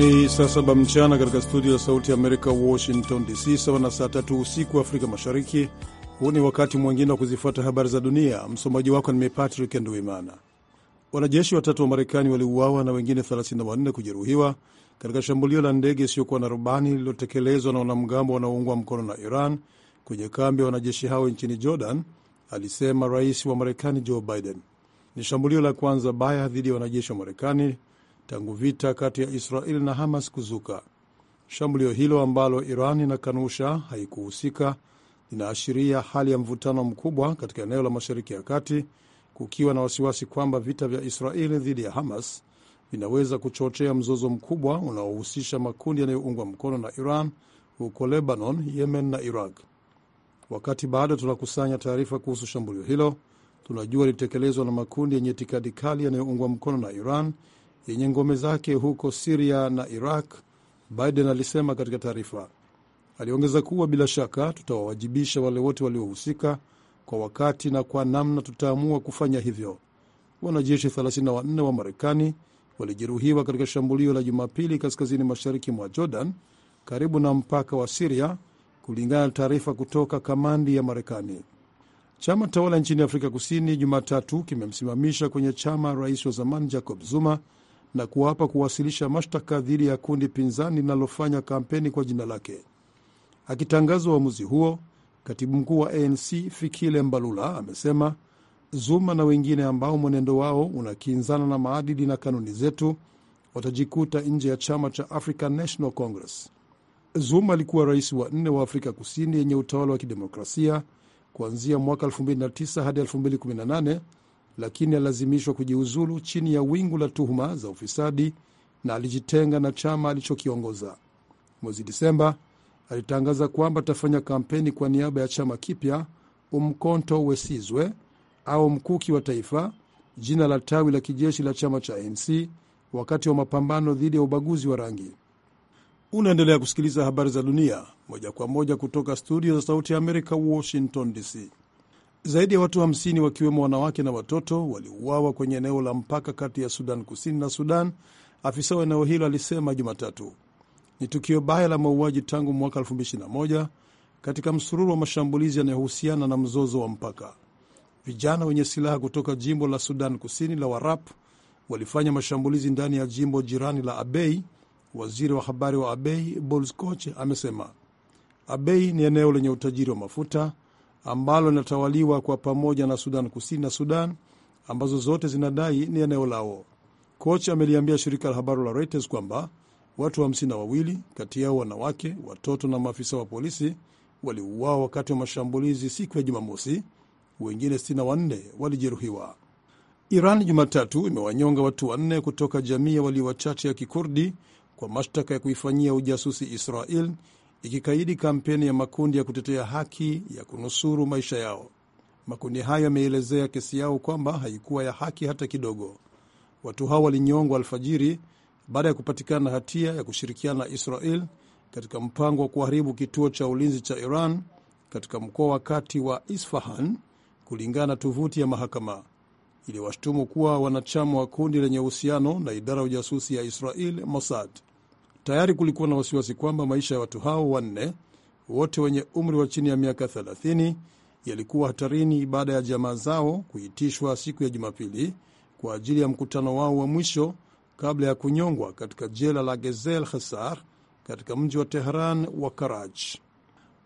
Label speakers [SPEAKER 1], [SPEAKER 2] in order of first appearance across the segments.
[SPEAKER 1] Ni saa saba mchana katika studio ya Sauti ya Amerika, Washington DC, sawa na saa tatu usiku Afrika Mashariki. Huu ni wakati mwingine wa kuzifuata habari za dunia. Msomaji wako nime Patrick Nduimana. Wanajeshi watatu wa Marekani waliuawa na wengine 34 kujeruhiwa katika shambulio la ndege isiyokuwa na rubani lililotekelezwa na wanamgambo wanaoungwa mkono na Iran kwenye kambi ya wanajeshi hao nchini Jordan, alisema rais wa Marekani Joe Biden. Ni shambulio la kwanza baya dhidi ya wanajeshi wa Marekani tangu vita kati ya israel na Hamas kuzuka. Shambulio hilo ambalo Iran inakanusha haikuhusika linaashiria hali ya mvutano mkubwa katika eneo la Mashariki ya Kati, kukiwa na wasiwasi kwamba vita vya Israeli dhidi ya Hamas vinaweza kuchochea mzozo mkubwa unaohusisha makundi yanayoungwa mkono na Iran huko Lebanon, Yemen na Iraq. Wakati bado tunakusanya taarifa kuhusu shambulio hilo, tunajua lilitekelezwa na makundi yenye itikadi kali yanayoungwa mkono na Iran yenye ngome zake huko Siria na Iraq, Biden alisema katika taarifa. Aliongeza kuwa bila shaka tutawawajibisha wale wote waliohusika kwa wakati na kwa namna tutaamua kufanya hivyo. Wanajeshi 34 wa Marekani walijeruhiwa katika shambulio la Jumapili kaskazini mashariki mwa Jordan, karibu na mpaka wa Siria, kulingana na taarifa kutoka kamandi ya Marekani. Chama tawala nchini Afrika Kusini Jumatatu kimemsimamisha kwenye chama rais wa zamani Jacob Zuma na kuwapa kuwasilisha mashtaka dhidi ya kundi pinzani linalofanya kampeni kwa jina lake. Akitangaza uamuzi huo, katibu mkuu wa ANC Fikile Mbalula amesema Zuma na wengine ambao mwenendo wao unakinzana na maadili na kanuni zetu watajikuta nje ya chama cha African National Congress. Zuma alikuwa rais wa nne wa Afrika Kusini yenye utawala wa kidemokrasia kuanzia mwaka 2009 hadi lakini alilazimishwa kujiuzulu chini ya wingu la tuhuma za ufisadi na alijitenga na chama alichokiongoza. Mwezi Disemba alitangaza kwamba atafanya kampeni kwa niaba ya chama kipya umkonto wesizwe au Mkuki wa Taifa, jina la tawi la kijeshi la chama cha ANC wakati wa mapambano dhidi ya ubaguzi wa rangi. Unaendelea kusikiliza habari za dunia moja kwa moja kutoka studio za Sauti ya Amerika, Washington DC. Zaidi ya watu 50 wa wakiwemo wanawake na watoto waliuawa kwenye eneo la mpaka kati ya Sudan Kusini na Sudan, afisa wa eneo hilo alisema Jumatatu. Ni tukio baya la mauaji tangu mwaka 2021 katika msururu wa mashambulizi yanayohusiana na mzozo wa mpaka. Vijana wenye silaha kutoka jimbo la Sudan Kusini la Warap walifanya mashambulizi ndani ya jimbo jirani la Abei. Waziri wa habari wa Abei, Bolscoch, amesema Abei ni eneo lenye utajiri wa mafuta ambalo linatawaliwa kwa pamoja na Sudan Kusini na Sudan ambazo zote zinadai ni eneo lao. Koch ameliambia shirika la habari la Reuters kwamba watu hamsini na wawili kati yao wanawake, watoto na maafisa wa polisi waliuawa wakati wa mashambulizi siku ya Jumamosi. Wengine wanne walijeruhiwa. Iran Jumatatu imewanyonga watu wanne kutoka jamii ya walio wachache ya Kikurdi kwa mashtaka ya kuifanyia ujasusi Israel ikikaidi kampeni ya makundi ya kutetea haki ya kunusuru maisha yao. Makundi hayo yameelezea kesi yao kwamba haikuwa ya haki hata kidogo. Watu hao walinyongwa alfajiri baada ya kupatikana hatia ya kushirikiana na Israel katika mpango wa kuharibu kituo cha ulinzi cha Iran katika mkoa wa kati wa Isfahan, kulingana na tovuti ya mahakama. Iliwashtumu kuwa wanachama wa kundi lenye uhusiano na idara ya ujasusi ya Israel, Mossad. Tayari kulikuwa na wasiwasi kwamba maisha ya watu hao wanne wote wenye umri wa chini ya miaka 30 yalikuwa hatarini baada ya jamaa zao kuitishwa siku ya Jumapili kwa ajili ya mkutano wao wa mwisho kabla ya kunyongwa katika jela la Gezel hasar katika mji wa Tehran wa Karaj.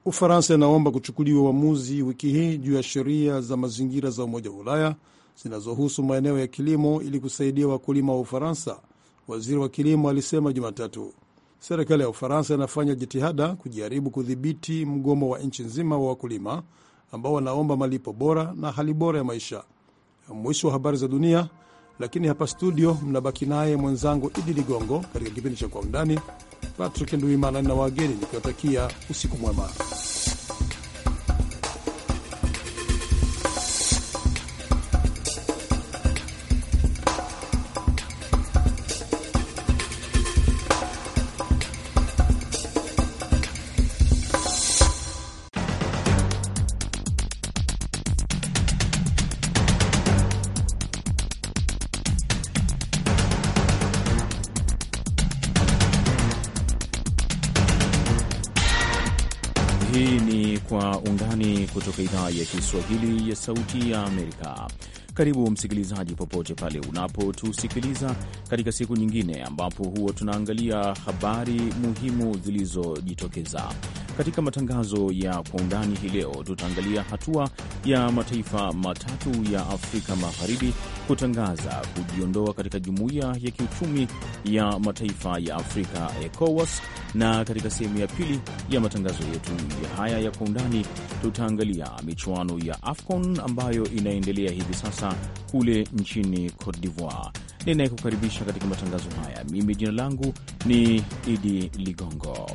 [SPEAKER 1] Ufaransa inaomba kuchukuliwa uamuzi wiki hii juu ya sheria za mazingira za Umoja wa Ulaya zinazohusu maeneo ya kilimo ili kusaidia wakulima wa Ufaransa, waziri wa kilimo alisema Jumatatu serikali ya Ufaransa inafanya jitihada kujaribu kudhibiti mgomo wa nchi nzima wa wakulima ambao wanaomba malipo bora na hali bora ya maisha. Mwisho wa habari za dunia, lakini hapa studio mnabaki naye mwenzangu Idi Ligongo katika kipindi cha Kwa Undani. Patrick Nduimana na wageni nikiwatakia usiku mwema.
[SPEAKER 2] idhaa ya Kiswahili ya Sauti ya Amerika. Karibu msikilizaji, popote pale unapotusikiliza katika siku nyingine, ambapo huwa tunaangalia habari muhimu zilizojitokeza katika matangazo ya kwa undani. Hii leo tutaangalia hatua ya mataifa matatu ya Afrika Magharibi kutangaza kujiondoa katika jumuiya ya kiuchumi ya mataifa ya Afrika, ECOWAS. Na katika sehemu ya pili ya matangazo yetu ya haya ya kwa undani, tutaangalia michuano ya AFCON ambayo inaendelea hivi sasa kule nchini Cote d'Ivoire. Ninayekukaribisha katika matangazo haya mimi, jina langu ni Idi Ligongo.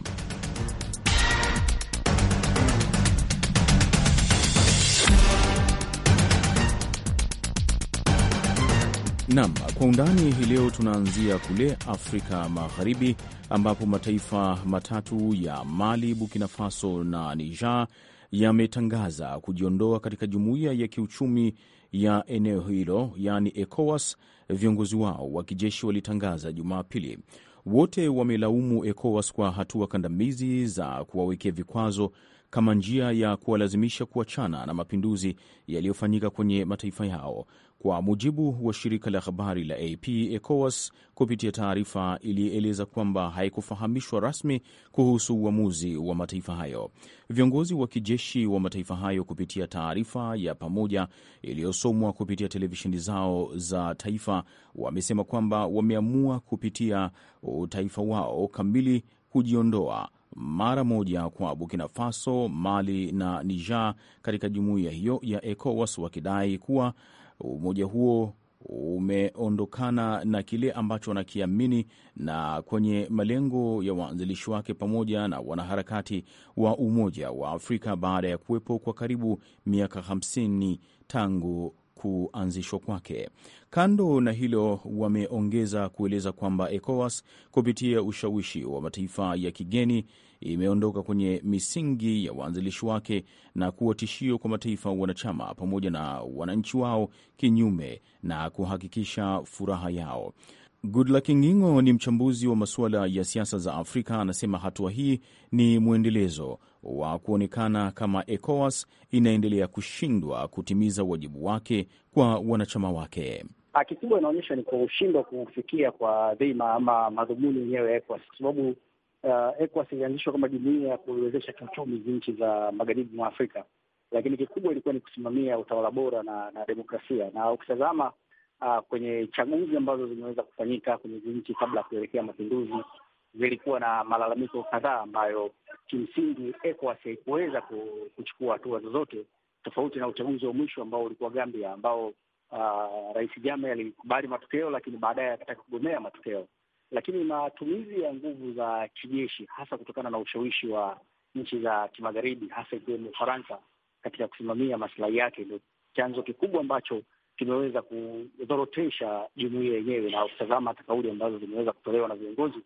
[SPEAKER 2] Nam kwa undani hii leo, tunaanzia kule Afrika Magharibi ambapo mataifa matatu ya Mali, Burkina Faso na Niger yametangaza kujiondoa katika jumuiya ya kiuchumi ya eneo hilo, yaani ECOWAS. Viongozi wao wa kijeshi walitangaza Jumapili. Wote wamelaumu ECOWAS kwa hatua kandamizi za kuwawekea vikwazo kama njia ya kuwalazimisha kuachana na mapinduzi yaliyofanyika kwenye mataifa yao. Kwa mujibu wa shirika la habari la AP, ECOWAS kupitia taarifa ilieleza kwamba haikufahamishwa rasmi kuhusu uamuzi wa mataifa hayo. Viongozi wa kijeshi wa mataifa hayo kupitia taarifa ya pamoja iliyosomwa kupitia televisheni zao za taifa wamesema kwamba wameamua kupitia utaifa wao kamili kujiondoa mara moja kwa Burkina Faso, Mali na Niger katika jumuiya hiyo ya ECOWAS, wakidai kuwa umoja huo umeondokana na kile ambacho wanakiamini na kwenye malengo ya waanzilishi wake pamoja na wanaharakati wa Umoja wa Afrika baada ya kuwepo kwa karibu miaka 50 tangu kuanzishwa kwake. Kando na hilo, wameongeza kueleza kwamba ECOWAS kupitia ushawishi wa mataifa ya kigeni imeondoka kwenye misingi ya waanzilishi wake na kuwa tishio kwa mataifa wanachama pamoja na wananchi wao, kinyume na kuhakikisha furaha yao. Goodluck Ngingo ni mchambuzi wa masuala ya siasa za Afrika. Anasema hatua hii ni mwendelezo wa kuonekana kama ECOWAS inaendelea kushindwa kutimiza wajibu wake kwa wanachama wake.
[SPEAKER 3] Ah, kikubwa inaonyesha ni kushindwa kufikia kwa dhima ama madhumuni yenyewe ya ECOWAS kwa sababu uh, ECOWAS ilianzishwa kama jumuia ya kuwezesha kiuchumi nchi za magharibi mwa Afrika, lakini kikubwa ilikuwa ni kusimamia utawala bora na, na demokrasia. Na ukitazama uh, kwenye chaguzi ambazo zimeweza kufanyika kwenye hizi nchi kabla ya kuelekea mapinduzi, zilikuwa na malalamiko kadhaa ambayo kimsingi ECOWAS haikuweza kuchukua hatua zozote, tofauti na uchaguzi wa mwisho ambao ulikuwa Gambia, ambao uh, Rais Jame alikubali matokeo, lakini baadaye akataka kugomea matokeo lakini matumizi ya nguvu za kijeshi, hasa kutokana na ushawishi wa nchi za kimagharibi, hasa ikiwemo Ufaransa katika kusimamia masilahi yake, ndio chanzo kikubwa ambacho kimeweza kudhorotesha jumuia yenyewe. Na ukitazama hata kauli ambazo zimeweza kutolewa na viongozi,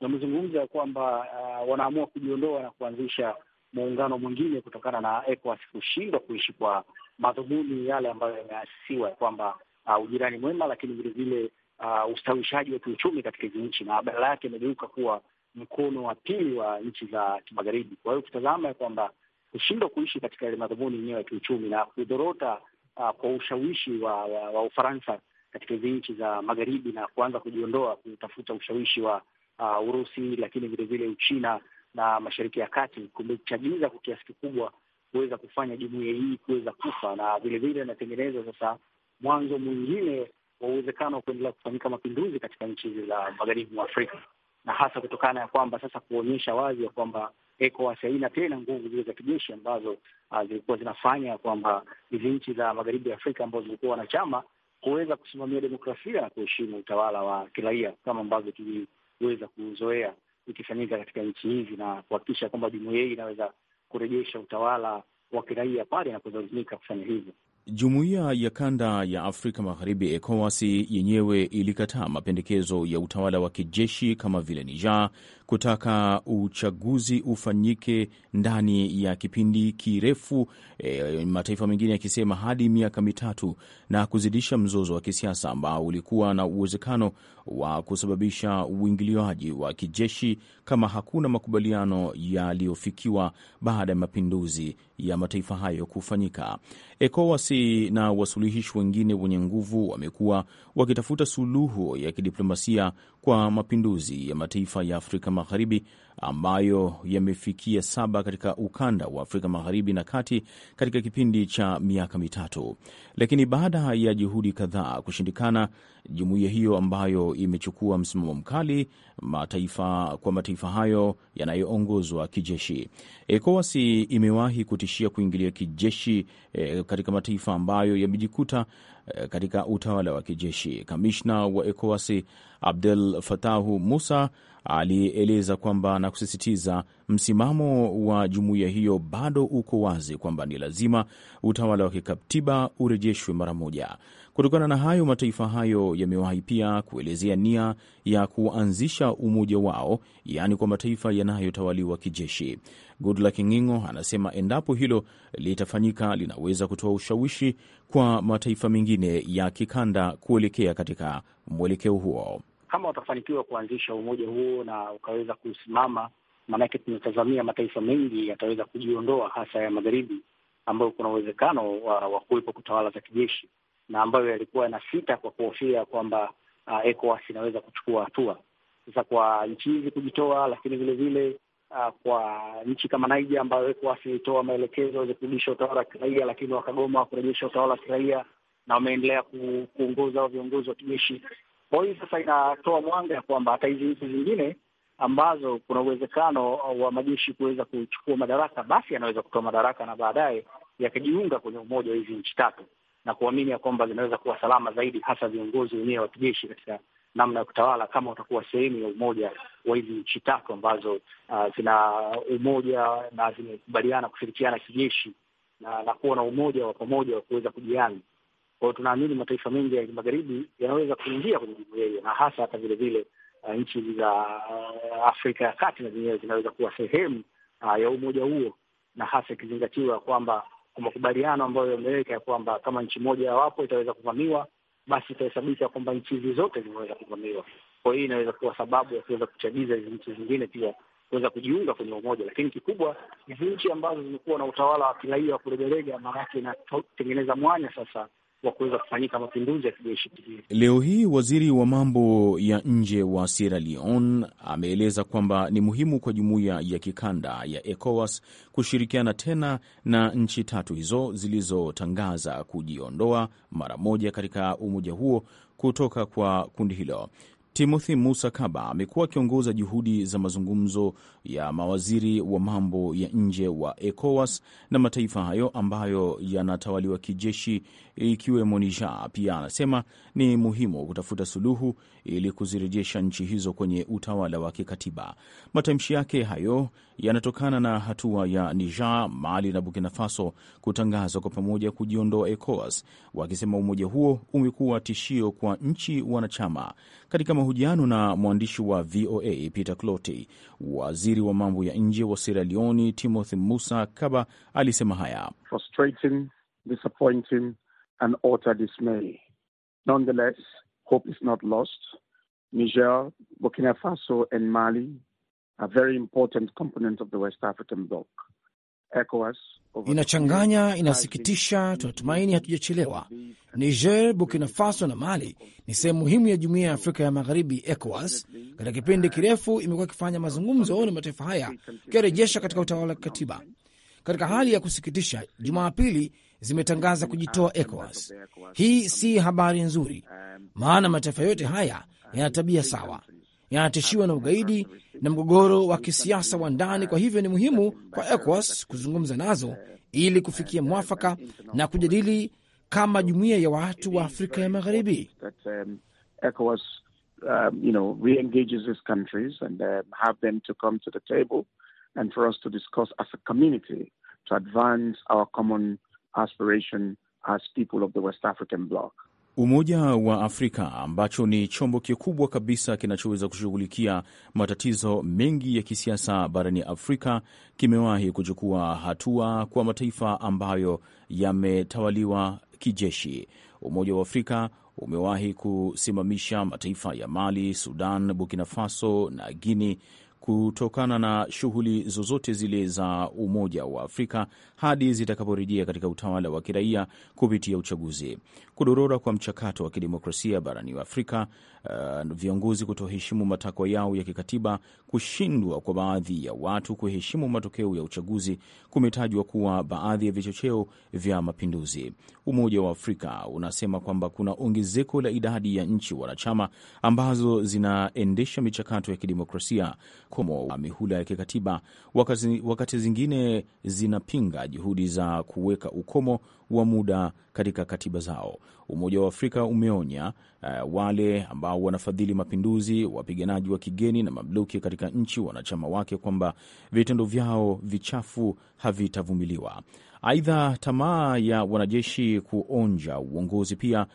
[SPEAKER 3] wamezungumza kwamba uh, wanaamua kujiondoa na kuanzisha muungano mwingine kutokana na ECOWAS kushindwa kuishi kwa madhumuni yale ambayo yameasisiwa, kwamba uh, ujirani mwema, lakini vilevile uh, ustawishaji wa kiuchumi katika hizi nchi, na badala yake imegeuka kuwa mkono wa pili wa nchi za kimagharibi. Kwa hiyo ukitazama ya kwamba kushindwa kuishi katika ile madhumuni yenyewe ya kiuchumi na kudorota uh, kwa ushawishi wa, wa, wa Ufaransa katika hizi nchi za magharibi na kuanza kujiondoa kutafuta ushawishi wa uh, Urusi, lakini vilevile Uchina na Mashariki ya Kati kumechagiza kwa kiasi kikubwa kuweza kufanya jumuiya hii kuweza kufa na vilevile inatengeneza sasa mwanzo mwingine wa uwezekano wa kuendelea kufanyika mapinduzi katika nchi hizi za magharibi mwa Afrika, na hasa kutokana ya kwamba sasa kuonyesha wazi ya kwamba ECOWAS haina tena nguvu zile za kijeshi ambazo ah, zilikuwa zinafanya ya kwamba hizi nchi za magharibi ya Afrika ambazo zilikuwa wanachama kuweza kusimamia demokrasia na kuheshimu utawala wa kiraia kama ambavyo tuliweza kuzoea ikifanyika katika nchi hizi na kuhakikisha kwamba jumuiya hii inaweza kurejesha utawala wa kiraia pale inapolazimika kufanya hivyo.
[SPEAKER 2] Jumuiya ya kanda ya Afrika Magharibi, ECOWAS, yenyewe ilikataa mapendekezo ya utawala wa kijeshi kama vile Niger kutaka uchaguzi ufanyike ndani ya kipindi kirefu, e, mataifa mengine yakisema hadi miaka mitatu, na kuzidisha mzozo wa kisiasa ambao ulikuwa na uwezekano wa kusababisha uingiliaji wa kijeshi kama hakuna makubaliano yaliyofikiwa baada ya mapinduzi ya mataifa hayo kufanyika. ECOWAS na wasuluhishi wengine wenye nguvu wamekuwa wakitafuta suluhu ya kidiplomasia kwa mapinduzi ya mataifa ya Afrika Magharibi ambayo yamefikia saba katika ukanda wa Afrika Magharibi na Kati katika kipindi cha miaka mitatu. Lakini baada ya juhudi kadhaa kushindikana, jumuiya hiyo ambayo imechukua msimamo mkali mataifa kwa mataifa hayo yanayoongozwa kijeshi. ECOWAS imewahi kutishia kuingilia kijeshi e, katika mataifa ambayo yamejikuta e, katika utawala wa kijeshi. Kamishna wa ECOWAS Abdel Fatahu Musa alieleza kwamba na kusisitiza msimamo wa jumuiya hiyo bado uko wazi kwamba ni lazima utawala wa kikatiba urejeshwe mara moja. Kutokana na hayo, mataifa hayo yamewahi pia kuelezea nia ya kuanzisha umoja wao, yaani kwa mataifa yanayotawaliwa kijeshi. Goodluck Ngingo anasema endapo hilo litafanyika, linaweza kutoa ushawishi kwa mataifa mengine ya kikanda kuelekea katika mwelekeo huo
[SPEAKER 3] kama watafanikiwa kuanzisha umoja huo na ukaweza kusimama, maanake tunatazamia mataifa mengi yataweza kujiondoa, hasa ya magharibi ambayo kuna uwezekano wa, wa kuwepo kutawala za kijeshi na ambayo yalikuwa yana sita kwa kuhofia kwamba uh, ECOWAS inaweza kuchukua hatua. Sasa kwa nchi hizi kujitoa, lakini vilevile uh, kwa nchi kama Naija ambayo ECOWAS ilitoa maelekezo waweze kurudisha utawala wa kiraia, lakini wakagoma kurejesha utawala wa kiraia na wameendelea kuongoza viongozi wa kijeshi. Kwa hiyo sasa inatoa mwanga ya kwamba hata hizi nchi zingine ambazo kuna uwezekano wa majeshi kuweza kuchukua madaraka, basi yanaweza kutoa madaraka na baadaye yakajiunga kwenye umoja wa hizi nchi tatu na kuamini ya kwamba zinaweza kuwa salama zaidi, hasa viongozi wenyewe wa kijeshi katika namna ya kutawala, kama watakuwa sehemu ya umoja wa hizi nchi tatu ambazo uh, zina umoja na zimekubaliana kushirikiana kijeshi na, na kuwa na umoja wa pamoja wa kuweza kujiani kwao. Tunaamini mataifa mengi ya magharibi yanaweza kuingia kwenye jumuia na hasa hata vilevile uh, nchi za uh, Afrika ya kati na zenyewe zinaweza kuwa sehemu uh, ya umoja huo, na hasa ikizingatiwa kwamba kwa makubaliano ambayo yameweka ya kwamba kama nchi moja yawapo itaweza kuvamiwa, basi itahesabika kwamba nchi hizi zote zimeweza kuvamiwa. Kwa hiyo inaweza kuwa sababu ya kuweza kuchagiza hizi nchi zingine pia kuweza kujiunga kwenye umoja. Lakini kikubwa, hizi nchi ambazo zimekuwa na utawala wa kiraia wa kulegalega, maanake inatengeneza mwanya sasa wa kuweza kufanyika mapinduzi ya kijeshi.
[SPEAKER 2] Leo hii waziri wa mambo ya nje wa Sierra Leone ameeleza kwamba ni muhimu kwa jumuiya ya kikanda ya ECOWAS kushirikiana tena na nchi tatu hizo zilizotangaza kujiondoa mara moja katika umoja huo kutoka kwa kundi hilo. Timothy Musa Kaba amekuwa akiongoza juhudi za mazungumzo ya mawaziri wa mambo ya nje wa ECOWAS na mataifa hayo ambayo yanatawaliwa kijeshi ikiwemo Niger. Pia anasema ni muhimu kutafuta suluhu ili kuzirejesha nchi hizo kwenye utawala wa kikatiba. Matamshi yake hayo yanatokana na hatua ya Niger, Mali na Burkina Faso kutangazwa kwa pamoja kujiondoa ECOWAS, wakisema umoja huo umekuwa tishio kwa nchi wanachama. Katika mahojiano na mwandishi wa VOA Peter Cloti, waziri wa mambo ya nje wa Sierra Leone Timothy Musa Kaba alisema haya:
[SPEAKER 3] frustrating, disappointing and utter dismay. Nonetheless, hope is not lost. Niger, Burkina Faso and Mali a very important component of the West African bloc. ECOWAS inachanganya, inasikitisha. Tunatumaini hatujachelewa.
[SPEAKER 2] Niger, Burkina Faso na Mali ni sehemu muhimu ya jumuiya ya Afrika ya Magharibi. ECOWAS katika kipindi kirefu imekuwa ikifanya mazungumzo na mataifa haya ikiwarejesha katika utawala wa kikatiba. Katika hali ya kusikitisha, Jumapili zimetangaza kujitoa ECOWAS. Hii si habari nzuri, maana mataifa yote haya yana tabia sawa yanatishiwa na ugaidi na mgogoro wa kisiasa wa ndani. Kwa hivyo ni muhimu kwa ECOWAS kuzungumza nazo ili kufikia mwafaka na kujadili kama jumuiya
[SPEAKER 4] ya watu wa Afrika ya Magharibi.
[SPEAKER 3] as people of the West African bloc.
[SPEAKER 2] Umoja wa Afrika ambacho ni chombo kikubwa kabisa kinachoweza kushughulikia matatizo mengi ya kisiasa barani Afrika kimewahi kuchukua hatua kwa mataifa ambayo yametawaliwa kijeshi. Umoja wa Afrika umewahi kusimamisha mataifa ya Mali, Sudan, Burkina Faso na Guinea kutokana na shughuli zozote zile za Umoja wa Afrika hadi zitakaporejea katika utawala wa kiraia kupitia uchaguzi kudorora kwa mchakato wa kidemokrasia barani Afrika, uh, viongozi kutoheshimu matakwa yao ya kikatiba, kushindwa kwa baadhi ya watu kuheshimu matokeo ya uchaguzi kumetajwa kuwa baadhi ya vichocheo vya mapinduzi. Umoja wa Afrika unasema kwamba kuna ongezeko la idadi ya nchi wanachama ambazo zinaendesha michakato ya kidemokrasia komo mihula ya kikatiba, wakati, wakati zingine zinapinga juhudi za kuweka ukomo wa muda katika katiba zao. Umoja wa Afrika umeonya uh, wale ambao wanafadhili mapinduzi, wapiganaji wa kigeni na mamluki katika nchi wanachama wake kwamba vitendo vyao vichafu havitavumiliwa. Aidha, tamaa ya wanajeshi kuonja uongozi pia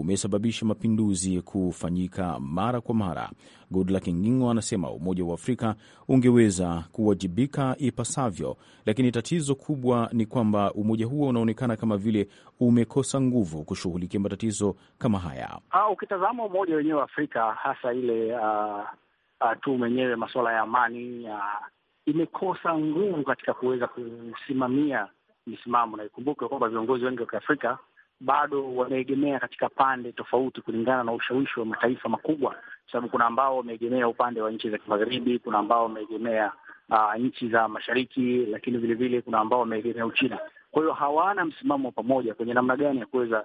[SPEAKER 2] umesababisha mapinduzi kufanyika mara kwa mara. Goodluck Ngingo anasema Umoja wa Afrika ungeweza kuwajibika ipasavyo, lakini tatizo kubwa ni kwamba umoja huo unaonekana kama vile umekosa nguvu kushughulikia matatizo kama haya.
[SPEAKER 3] Ha, ukitazama umoja wenyewe wa Afrika hasa ile uh, uh, tu yenyewe masuala ya amani uh, imekosa nguvu katika kuweza kusimamia misimamo, na ikumbuke kwamba viongozi wengi wa Kiafrika bado wameegemea katika pande tofauti kulingana na ushawishi wa mataifa makubwa, kwa sababu kuna ambao wameegemea upande wa nchi za kimagharibi, kuna ambao wameegemea uh, nchi za mashariki, lakini vilevile kuna ambao wameegemea Uchina. Kwa hiyo hawana msimamo pamoja kwenye namna gani ya kuweza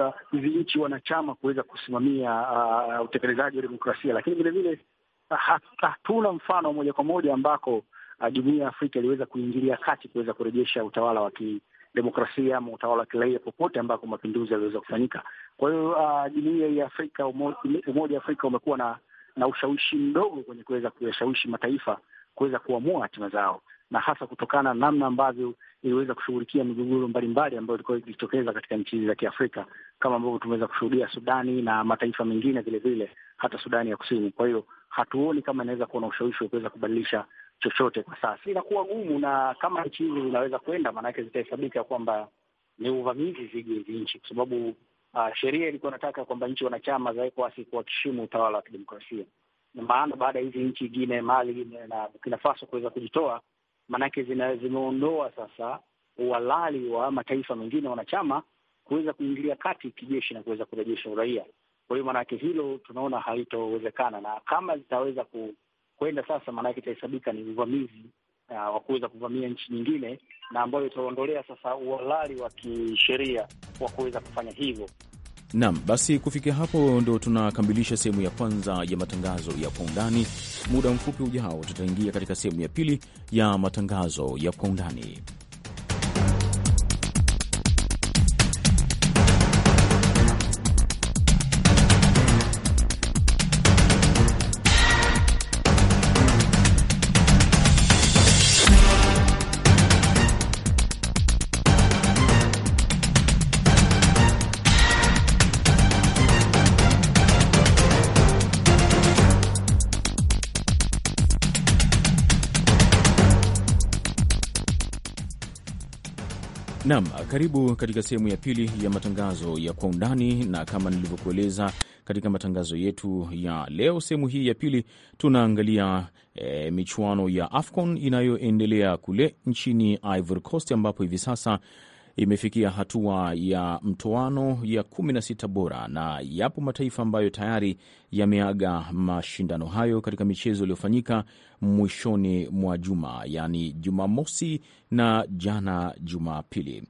[SPEAKER 3] ah, hizi uh, nchi wanachama kuweza kusimamia uh, utekelezaji wa demokrasia, lakini vilevile hatuna mfano moja kwa moja ambako uh, ya Afrika iliweza kuingilia kati kuweza kurejesha utawala wa kii demokrasia ama utawala wa kiraia popote ambako mapinduzi yaliweza kufanyika. Kwa hiyo uh, jumuiya ya Afrika, Umoja wa Afrika umekuwa na na ushawishi mdogo kwenye kuweza kuyashawishi mataifa kuweza kuamua hatima zao, na hasa kutokana na namna ambavyo iliweza kushughulikia migogoro mbalimbali ambayo ilikuwa ikijitokeza katika nchi hizi za Kiafrika, kama ambavyo tumeweza kushuhudia Sudani na mataifa mengine vilevile, hata Sudani ya Kusini. Kwa hiyo hatuoni kama inaweza kuwa na ushawishi wa kuweza kubadilisha chochote kwa sasa, inakuwa gumu, na kama nchi hizi zinaweza kwenda, maanake zitahesabika kwamba ni uvamizi dhidi ya hizi nchi, kwa sababu uh, sheria ilikuwa inataka kwamba nchi wanachama za ECOWAS kuheshimu utawala wa kidemokrasia. Na maana baada ya hizi nchi Guinea, Mali na Burkina Faso kuweza kujitoa, maanake zimeondoa sasa uhalali wa mataifa mengine wanachama kuweza kuingilia kati kijeshi na kuweza kurejesha uraia. Kwa hiyo maanake hilo tunaona halitowezekana, na kama zitaweza ku kwenda sasa, maanake itahesabika ni uvamizi uh, wa kuweza kuvamia nchi nyingine, na ambayo itaondolea sasa uhalali wa kisheria wa kuweza kufanya hivyo.
[SPEAKER 2] Naam, basi kufikia hapo ndo tunakamilisha sehemu ya kwanza ya matangazo ya kwa undani. Muda mfupi ujao tutaingia katika sehemu ya pili ya matangazo ya kwa undani. Naam, karibu katika sehemu ya pili ya matangazo ya kwa undani, na kama nilivyokueleza katika matangazo yetu ya leo, sehemu hii ya pili tunaangalia e, michuano ya AFCON inayoendelea kule nchini Ivory Coast ambapo hivi sasa imefikia hatua ya mtoano ya 16 bora na yapo mataifa ambayo tayari yameaga mashindano hayo katika michezo iliyofanyika mwishoni mwa juma, yaani Jumamosi na jana Jumapili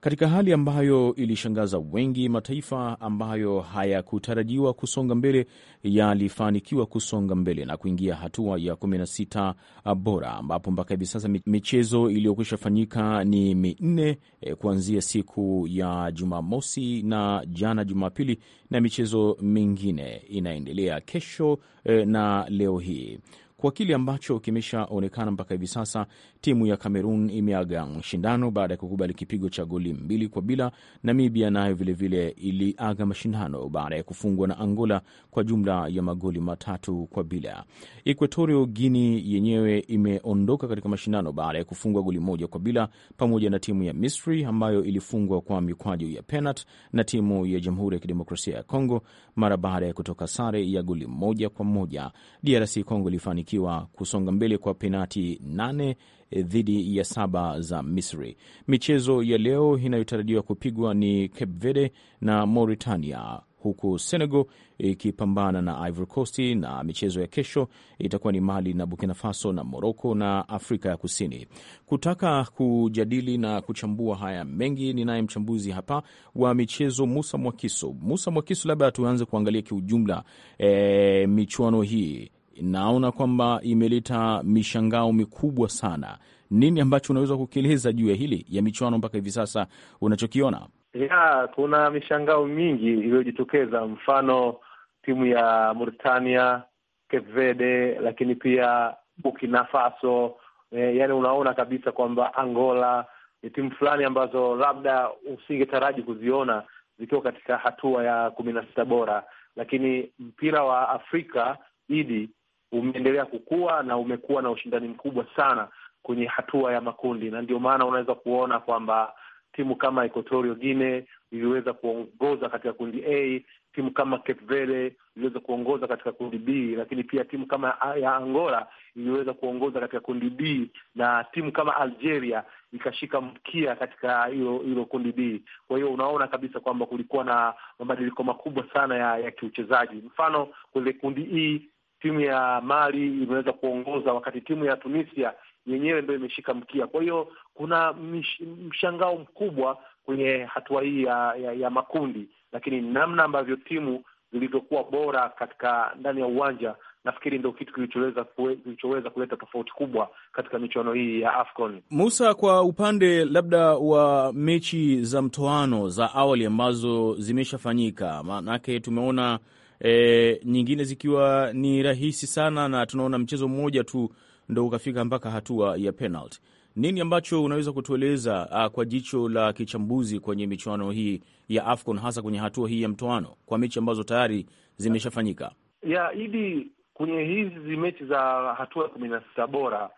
[SPEAKER 2] katika hali ambayo ilishangaza wengi. Mataifa ambayo hayakutarajiwa kusonga mbele yalifanikiwa kusonga mbele na kuingia hatua ya 16 uh, bora, ambapo mpaka hivi sasa michezo iliyokwisha fanyika ni minne, e, kuanzia siku ya Jumamosi na jana Jumapili, na michezo mingine inaendelea kesho e, na leo hii kwa kile ambacho kimeshaonekana mpaka hivi sasa, timu ya cameron imeaga mashindano baada ya kukubali kipigo cha goli mbili kwa bila. Namibia nayo vilevile iliaga mashindano baada ya kufungwa na Angola kwa jumla ya magoli matatu kwa bila. Equatorial Guini yenyewe imeondoka katika mashindano baada ya kufungwa goli moja kwa bila, pamoja na timu ya Misri ambayo ilifungwa kwa mikwaju ya penat na timu ya Jamhuri ya Kidemokrasia ya Kongo mara baada ya kutoka sare ya goli moja kwa moja. DRC Kongo ilifanikiwa kufanikiwa kusonga mbele kwa penati nane e, dhidi ya saba za Misri. Michezo ya leo inayotarajiwa kupigwa ni Cape Verde na Mauritania, huku Senegal ikipambana na Ivory Coast, na michezo ya kesho itakuwa ni Mali na Burkina Faso na Moroko na Afrika ya Kusini. Kutaka kujadili na kuchambua haya mengi, ninaye mchambuzi hapa wa michezo Musa Mwakiso. Musa Mwakiso, labda tuanze kuangalia kiujumla e, michuano hii naona kwamba imeleta mishangao mikubwa sana. Nini ambacho unaweza kukieleza juu ya hili ya michuano mpaka hivi sasa unachokiona?
[SPEAKER 4] Ya, kuna mishangao mingi iliyojitokeza, mfano timu ya Mauritania, Cape Verde, lakini pia Burkina Faso e, yani unaona kabisa kwamba Angola ni timu fulani ambazo labda usingetaraji kuziona zikiwa katika hatua ya kumi na sita bora, lakini mpira wa Afrika idi umeendelea kukua na umekuwa na ushindani mkubwa sana kwenye hatua ya makundi, na ndio maana unaweza kuona kwamba timu kama Equatorial Guinea iliweza kuongoza katika kundi A, timu kama Cape Verde iliweza kuongoza katika kundi B, lakini pia timu kama ya Angola iliweza kuongoza katika kundi B na timu kama Algeria ikashika mkia katika hilo hilo kundi B. Kwa hiyo unaona kabisa kwamba kulikuwa na mabadiliko makubwa sana ya, ya kiuchezaji. Mfano kwenye kundi hii e, timu ya Mali imeweza kuongoza, wakati timu ya Tunisia yenyewe ndo imeshika mkia. Kwa hiyo kuna mish, mshangao mkubwa kwenye hatua hii ya, ya, ya makundi, lakini namna ambavyo timu zilivyokuwa bora katika ndani ya uwanja nafikiri ndio kitu kilichoweza kilichoweza kuleta tofauti kubwa katika michuano hii ya AFCON.
[SPEAKER 2] Musa, kwa upande labda wa mechi za mtoano za awali ambazo zimeshafanyika, maanake tumeona e, nyingine zikiwa ni rahisi sana, na tunaona mchezo mmoja tu ndo ukafika mpaka hatua ya penalty. Nini ambacho unaweza kutueleza uh, kwa jicho la kichambuzi kwenye michuano hii ya AFCON hasa kwenye hatua hii ya mtoano kwa mechi ambazo tayari zimeshafanyika?
[SPEAKER 4] ya idi kwenye hizi mechi za hatua ya kumi na sita bora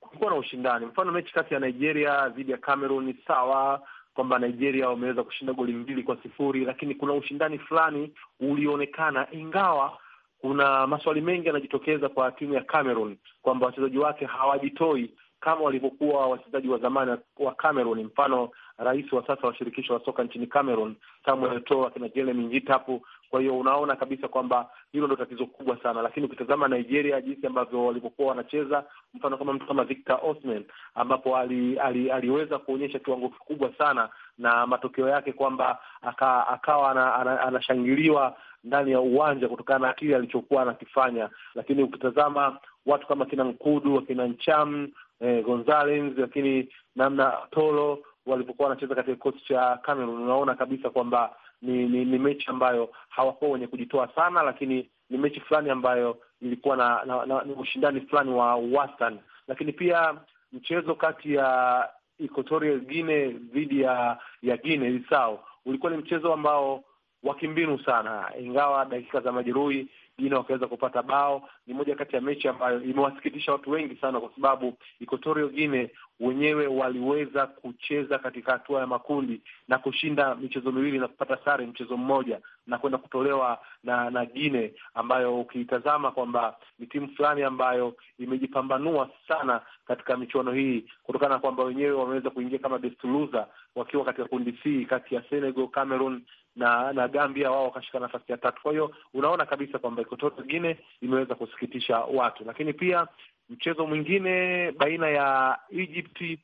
[SPEAKER 4] kulikuwa na ushindani. Mfano mechi kati ya Nigeria dhidi ya Cameroon sawa, kwamba Nigeria wameweza kushinda goli mbili kwa sifuri, lakini kuna ushindani fulani ulioonekana, ingawa kuna maswali mengi yanajitokeza kwa timu ya Cameroon kwamba wachezaji wake hawajitoi kama walivyokuwa wachezaji wa zamani wa Cameroon, mfano rais wa sasa wa shirikisho la soka nchini Cameroon Samuel Eto'o, akina Jeremy Njitapo. Kwa hiyo unaona kabisa kwamba hilo ndo tatizo kubwa sana, lakini ukitazama Nigeria jinsi ambavyo walivyokuwa wanacheza, mfano kama mtu kama Victor Osimhen ambapo ali, ali, aliweza kuonyesha kiwango kikubwa sana na matokeo yake kwamba aka, akawa anashangiliwa ana, ana ndani ya uwanja kutokana na kile alichokuwa anakifanya, lakini ukitazama watu kama kina Nkudu akina Ncham eh, Gonzalez, lakini namna Tolo walipokuwa wanacheza katika kikosi cha Cameroon, unaona kabisa kwamba ni, ni, ni mechi ambayo hawakuwa wenye kujitoa sana, lakini ni mechi fulani ambayo ilikuwa na, na, na, na ushindani fulani wa wastani. Lakini pia mchezo kati ya Equatorial Guinea dhidi ya ya Guinea Bissau ulikuwa ni mchezo ambao wakimbinu sana, ingawa dakika za majeruhi Gine wakaweza kupata bao. Ni moja kati ya mechi ambayo imewasikitisha watu wengi sana, kwa sababu Equatorial Guinea wenyewe waliweza kucheza katika hatua ya makundi na kushinda michezo miwili na kupata sare mchezo mmoja na kwenda kutolewa na na Guinea ambayo ukiitazama kwamba ni timu fulani ambayo imejipambanua sana katika michuano hii kutokana na kwamba wenyewe wameweza kuingia kama best loser wakiwa katika kundi C kati ya Senegal, Cameroon na na Gambia wao wakashika nafasi ya tatu. Kwa hiyo unaona kabisa kwamba Equatori nyingine imeweza kusikitisha watu, lakini pia mchezo mwingine baina ya Egypt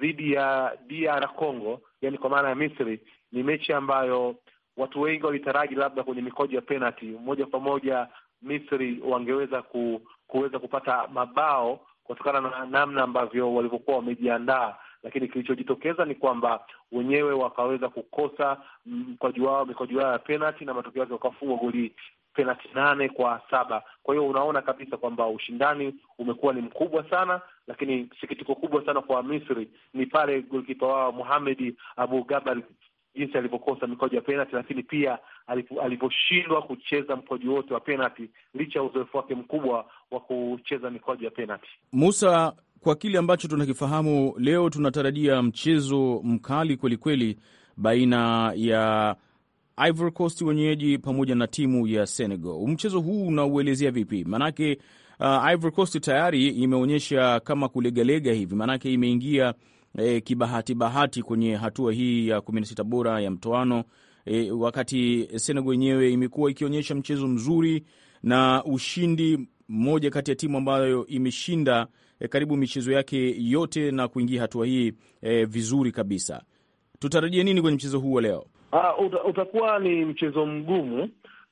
[SPEAKER 4] dhidi ya DR Congo, yani kwa maana ya Misri, ni mechi ambayo watu wengi walitaraji labda kwenye mikoja ya penalty moja kwa moja Misri wangeweza ku, kuweza kupata mabao kutokana na namna ambavyo walivyokuwa wamejiandaa lakini kilichojitokeza ni kwamba wenyewe wakaweza kukosa mkwaju mm, wao mikwaju yao ya penalti, na matokeo yake wakafungwa goli penalti nane kwa saba. Kwa hiyo unaona kabisa kwamba ushindani umekuwa ni mkubwa sana, lakini sikitiko kubwa sana kwa Misri ni pale golkipa wao muhamedi Abu Gabal jinsi alivyokosa mikoji ya penalti, lakini pia alivyoshindwa kucheza mkoji wote wa penalti licha ya uzoefu wake mkubwa wa kucheza mikoji ya penalti.
[SPEAKER 2] Musa, kwa kile ambacho tunakifahamu leo, tunatarajia mchezo mkali kwelikweli baina ya Ivory Coast wenyeji pamoja na timu ya Senegal. Mchezo huu unauelezea vipi? Maanake uh, Ivory Coast tayari imeonyesha kama kulegalega hivi, maanake imeingia e, kibahati bahati kwenye hatua hii ya 16 bora ya mtoano e, wakati Senegal yenyewe imekuwa ikionyesha mchezo mzuri na ushindi, moja kati ya timu ambayo imeshinda e, karibu michezo yake yote na kuingia hatua hii e, vizuri kabisa. Tutarajie nini kwenye mchezo huu leo?
[SPEAKER 4] Ha, ah, uta, utakuwa ni mchezo mgumu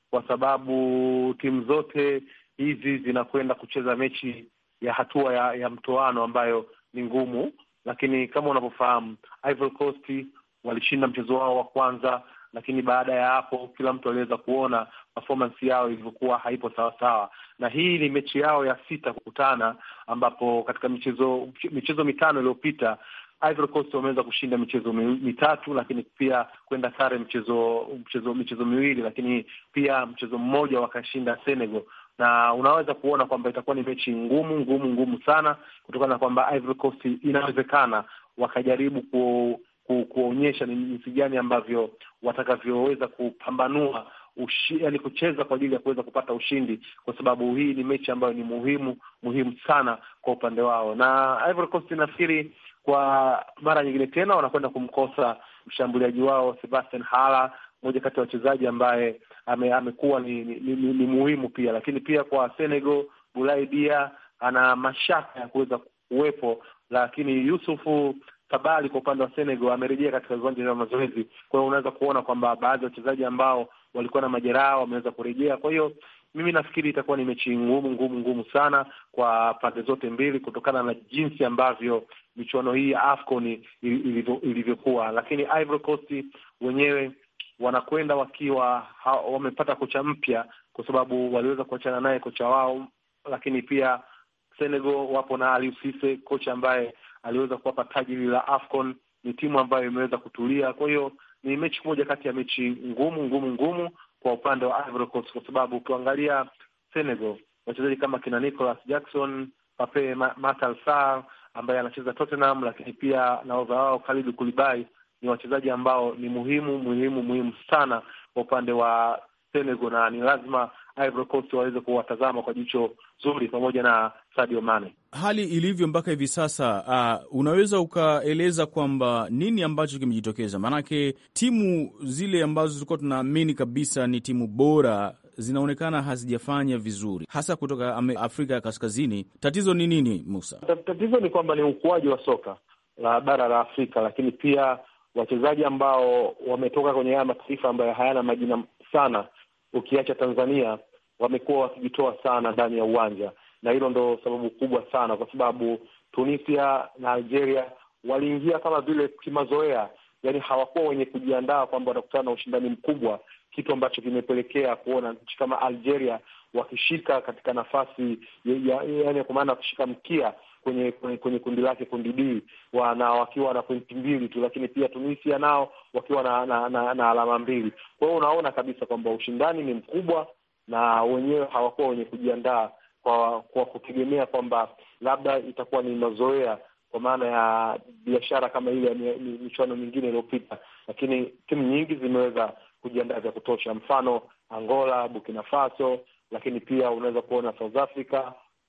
[SPEAKER 4] kwa sababu timu zote hizi zinakwenda kucheza mechi ya hatua ya, ya mtoano ambayo ni ngumu lakini kama unavyofahamu Ivory Coast walishinda mchezo wao wa kwanza, lakini baada ya hapo kila mtu aliweza kuona performance yao ilivyokuwa haipo sawasawa sawa. Na hii ni mechi yao ya sita kukutana, ambapo katika michezo michezo mitano iliyopita Ivory Coast wameweza kushinda michezo mitatu, lakini pia kwenda sare mchezo mchezo michezo miwili, lakini pia mchezo mmoja wakashinda Senegal na unaweza kuona kwamba itakuwa ni mechi ngumu ngumu ngumu sana, kutokana na kwamba Ivory Coast inawezekana wakajaribu ku, ku, kuonyesha ni jinsi gani ambavyo watakavyoweza kupambanua ushi, yani kucheza kwa ajili ya kuweza kupata ushindi, kwa sababu hii ni mechi ambayo ni muhimu muhimu sana kwa upande wao, na Ivory Coast nafikiri kwa mara nyingine tena wanakwenda kumkosa mshambuliaji wao Sebastian Hala moja kati ya wachezaji ambaye ame, amekuwa ni, ni, ni, ni muhimu pia, lakini pia kwa Senegal Bulai Dia ana mashaka ya kuweza kuwepo, lakini Yusufu Tabali kwa upande wa Senegal amerejea katika viwanja vya mazoezi. Kwa hiyo unaweza kuona kwamba baadhi ya wachezaji ambao walikuwa na majeraha wameweza kurejea. Kwa hiyo mimi nafikiri itakuwa ni mechi ngumu ngumu ngumu sana kwa pande zote mbili, kutokana na jinsi ambavyo michuano hii ya AFCON ilivyokuwa, lakini Ivory Coast wenyewe wanakwenda wakiwa wamepata kocha mpya, kwa sababu waliweza kuachana naye kocha wao. Lakini pia Senegal wapo na Aliou Cisse, kocha ambaye aliweza kuwapa taji hili la AFCON. Ni timu ambayo imeweza kutulia, kwa hiyo ni mechi moja kati ya mechi ngumu ngumu ngumu kwa upande wa Ivory Coast, kwa sababu ukiangalia Senegal wachezaji kama kina Nicolas Jackson, Pape Matar Sarr ambaye anacheza Tottenham, lakini pia nahodha wao Kalidou Koulibaly ni wachezaji ambao ni muhimu muhimu muhimu sana kwa upande wa Senegal, na ni lazima Ivory Coast waweze kuwatazama kwa jicho zuri pamoja na Sadio Mane.
[SPEAKER 2] Hali ilivyo mpaka hivi sasa, uh, unaweza ukaeleza kwamba nini ambacho kimejitokeza? Maanake timu zile ambazo tulikuwa tunaamini kabisa ni timu bora zinaonekana hazijafanya vizuri, hasa kutoka Afrika ya Kaskazini. Tatizo ni nini, Musa?
[SPEAKER 4] Tatizo ni kwamba ni ukuaji wa soka la bara la Afrika, lakini pia wachezaji ambao wametoka kwenye haya mataifa ambayo hayana majina sana, ukiacha Tanzania, wamekuwa wakijitoa sana ndani ya uwanja, na hilo ndo sababu kubwa sana, kwa sababu Tunisia na Algeria waliingia kama vile kimazoea, yani hawakuwa wenye kujiandaa kwamba watakutana na ushindani mkubwa, kitu ambacho kimepelekea kuona nchi kama Algeria wakishika katika nafasi ya, ya, ya, ya, kwa maana wakishika mkia kwenye kwenye, kwenye kundi lake kundi B wana wakiwa na pointi mbili tu, lakini pia Tunisia nao wakiwa na na, na, na alama mbili. Kwa hiyo unaona kabisa kwamba ushindani ni mkubwa na wenyewe hawakuwa wenye kujiandaa kwa kwa kutegemea kwamba labda itakuwa ni mazoea kwa maana ya biashara kama ile ya michuano mingine iliyopita, lakini timu nyingi zimeweza kujiandaa vya kutosha, mfano Angola, Burkina Faso, lakini pia unaweza kuona South Africa,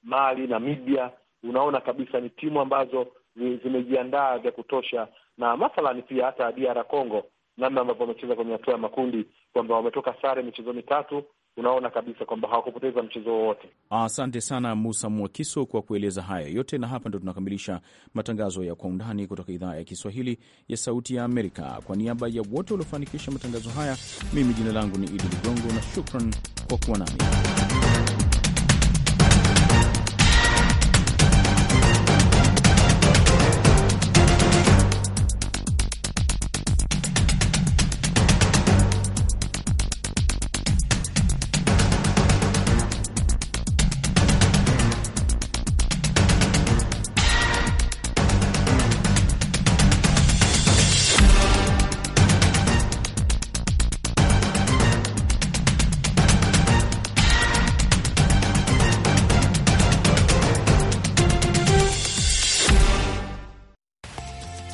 [SPEAKER 4] Mali, Namibia unaona kabisa ni timu ambazo zimejiandaa vya kutosha, na mathalani pia hata DR Congo namna ambavyo wamecheza kwenye hatua ya makundi kwamba wametoka sare michezo mitatu, unaona kabisa kwamba hawakupoteza mchezo wowote.
[SPEAKER 2] Asante sana Musa Mwakiso kwa kueleza haya yote, na hapa ndo tunakamilisha matangazo ya Kwa Undani kutoka idhaa ya Kiswahili ya Sauti ya Amerika. Kwa niaba ya wote waliofanikisha matangazo haya, mimi jina langu ni Idi Ligongo na shukran kwa kuwa nami.